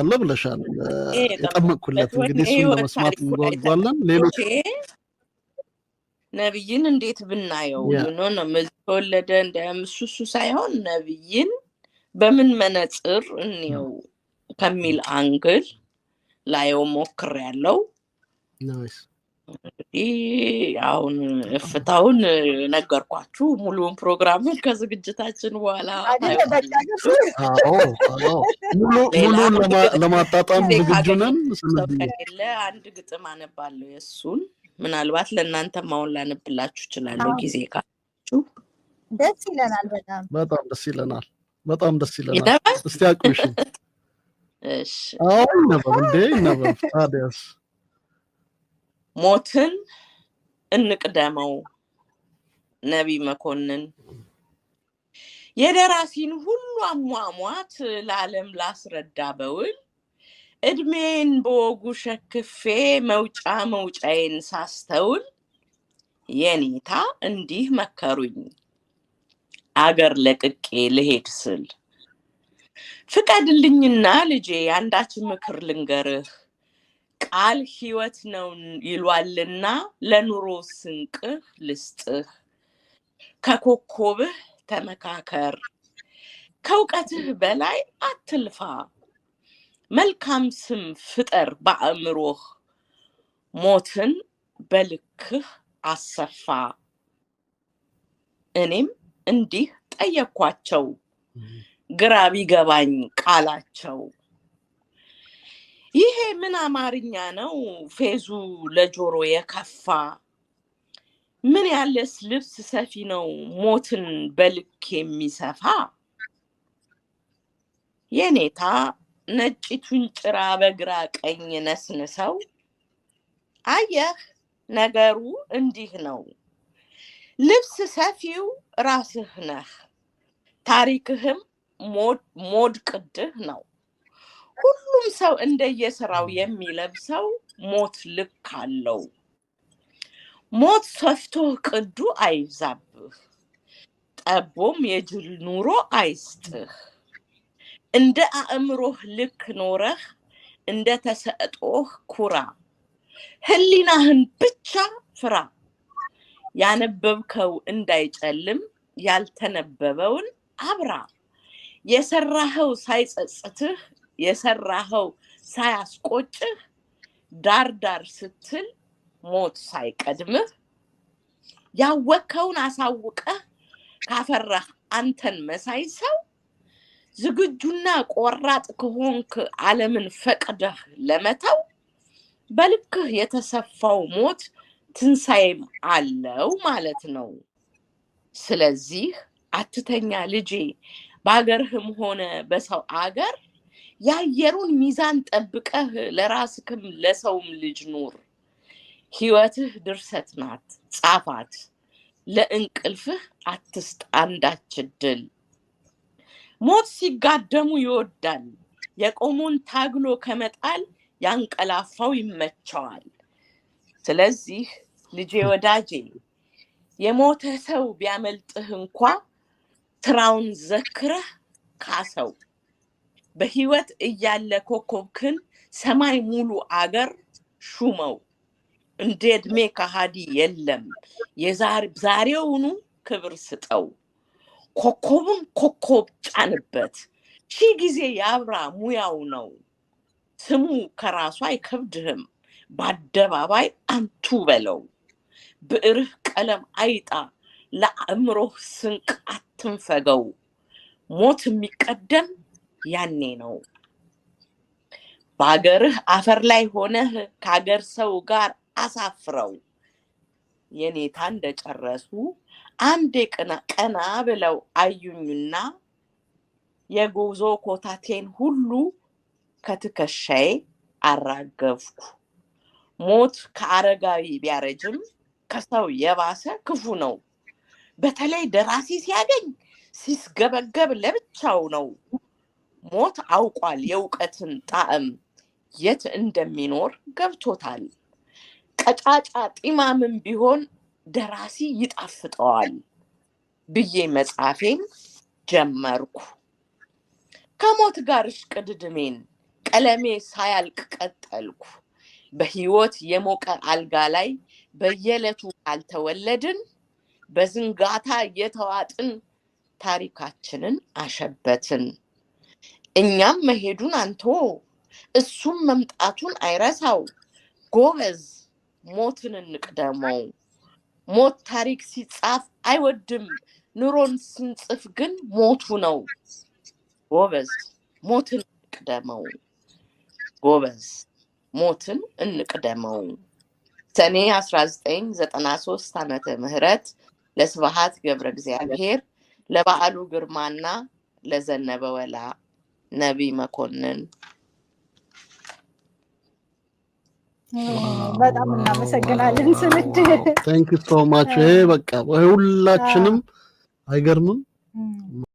አለ ብለሻል። የጠመቅኩለት እንግዲህ እሱን ለመስማት እንጓጓለን። ሌሎች ነብይን እንዴት ብናየው ተወለደ እንደምሱሱ ሳይሆን ነብይን በምን መነጽር እንየው ከሚል አንግል ላየው ሞክር ያለው አሁን እፍታውን ነገርኳችሁ። ሙሉውን ፕሮግራምን ከዝግጅታችን በኋላ ሙሉን ለማጣጣም ዝግጁ ነን። ከሌለ አንድ ግጥም አነባለሁ። የእሱን ምናልባት ለእናንተ ማሁን ላነብላችሁ ይችላለሁ ጊዜ ካላችሁ ደስ ይለናል። በጣም በጣም ደስ ይለናል። በጣም ደስ ይለናል። እስቲ አቁሽ። እንዴ ታዲያስ ሞትን እንቅደመው ነቢይ መኮንን የደራሲን ሁሉ አሟሟት ለዓለም ላስረዳ በውል እድሜን በወጉ ሸክፌ መውጫ መውጫዬን ሳስተውል የኔታ እንዲህ መከሩኝ አገር ለቅቄ ልሄድ ስል ፍቀድልኝና ልጄ አንዳች ምክር ልንገርህ ቃል ህይወት ነው ይሏልና ለኑሮ ስንቅህ ልስጥህ፣ ከኮኮብህ ተመካከር፣ ከእውቀትህ በላይ አትልፋ፣ መልካም ስም ፍጠር በአእምሮህ፣ ሞትን በልክህ አሰፋ። እኔም እንዲህ ጠየኳቸው ግራ ቢገባኝ ቃላቸው ይሄ ምን አማርኛ ነው? ፌዙ ለጆሮ የከፋ ምን ያለስ ልብስ ሰፊ ነው ሞትን በልክ የሚሰፋ የኔታ ነጭቱን ጭራ በግራ ቀኝ ነስንሰው አየህ ነገሩ እንዲህ ነው። ልብስ ሰፊው ራስህ ነህ፣ ታሪክህም ሞድ ቅድህ ነው። ሁሉም ሰው እንደየስራው የሚለብሰው ሞት ልክ አለው። ሞት ሰፍቶህ ቅዱ አይብዛብህ፣ ጠቦም የጅል ኑሮ አይስጥህ። እንደ አእምሮህ ልክ ኖረህ እንደ ተሰጦህ ኩራ፣ ህሊናህን ብቻ ፍራ። ያነበብከው እንዳይጨልም ያልተነበበውን አብራ። የሰራኸው ሳይጸጽትህ የሰራኸው ሳያስቆጭህ ዳር ዳር ስትል ሞት ሳይቀድምህ ያወከውን አሳውቀህ ካፈራህ አንተን መሳይ ሰው ዝግጁና ቆራጥ ከሆንክ ዓለምን ፈቅደህ ለመተው በልክህ የተሰፋው ሞት ትንሣኤም አለው ማለት ነው። ስለዚህ አትተኛ ልጄ፣ በአገርህም ሆነ በሰው አገር የአየሩን ሚዛን ጠብቀህ ለራስክም ለሰውም ልጅ ኑር። ህይወትህ ድርሰት ናት፣ ጻፋት። ለእንቅልፍህ አትስጥ አንዳች እድል ሞት ሲጋደሙ ይወዳል። የቆሙን ታግሎ ከመጣል ያንቀላፋው ይመቸዋል። ስለዚህ ልጄ ወዳጄ የሞተ ሰው ቢያመልጥህ እንኳ ስራውን ዘክረህ ካሰው። በህይወት እያለ ኮከብክን ሰማይ ሙሉ አገር ሹመው እንደ እድሜ ከሃዲ የለም። ዛሬውኑ ክብር ስጠው፣ ኮኮቡን ኮከብ ጫንበት። ቺ ጊዜ የአብራ ሙያው ነው ስሙ ከራሱ አይከብድህም። በአደባባይ አንቱ በለው ብዕርህ ቀለም አይጣ፣ ለአእምሮህ ስንቅ አትንፈገው። ሞት የሚቀደም ያኔ ነው በሀገርህ አፈር ላይ ሆነህ ከሀገር ሰው ጋር አሳፍረው የኔታ እንደጨረሱ አንዴ ቀና ብለው አዩኝና የጉዞ ኮታቴን ሁሉ ከትከሻዬ አራገፍኩ። ሞት ከአረጋዊ ቢያረጅም ከሰው የባሰ ክፉ ነው። በተለይ ደራሲ ሲያገኝ ሲስገበገብ ለብቻው ነው። ሞት አውቋል የእውቀትን ጣዕም የት እንደሚኖር ገብቶታል። ቀጫጫ ጢማምን ቢሆን ደራሲ ይጣፍጠዋል ብዬ መጽሐፌን ጀመርኩ። ከሞት ጋር እሽቅድድሜን ቀለሜ ሳያልቅ ቀጠልኩ። በህይወት የሞቀ አልጋ ላይ በየዕለቱ አልተወለድን በዝንጋታ የተዋጥን ታሪካችንን አሸበትን። እኛም መሄዱን አንቶ እሱም መምጣቱን አይረሳው። ጎበዝ ሞትን እንቅደመው። ሞት ታሪክ ሲጻፍ አይወድም፣ ኑሮን ስንጽፍ ግን ሞቱ ነው። ጎበዝ ሞትን እንቅደመው። ጎበዝ ሞትን እንቅደመው። ሰኔ 1993 ዓመተ ምህረት ለስብሐት ገብረ እግዚአብሔር ለበዓሉ ግርማና ለዘነበ ወላ ነቢይ መኮንን በጣም እናመሰግናለን። ስንድ ታንክ ዩ ሶ ማች። ይሄ በቃ ሁላችንም አይገርምም።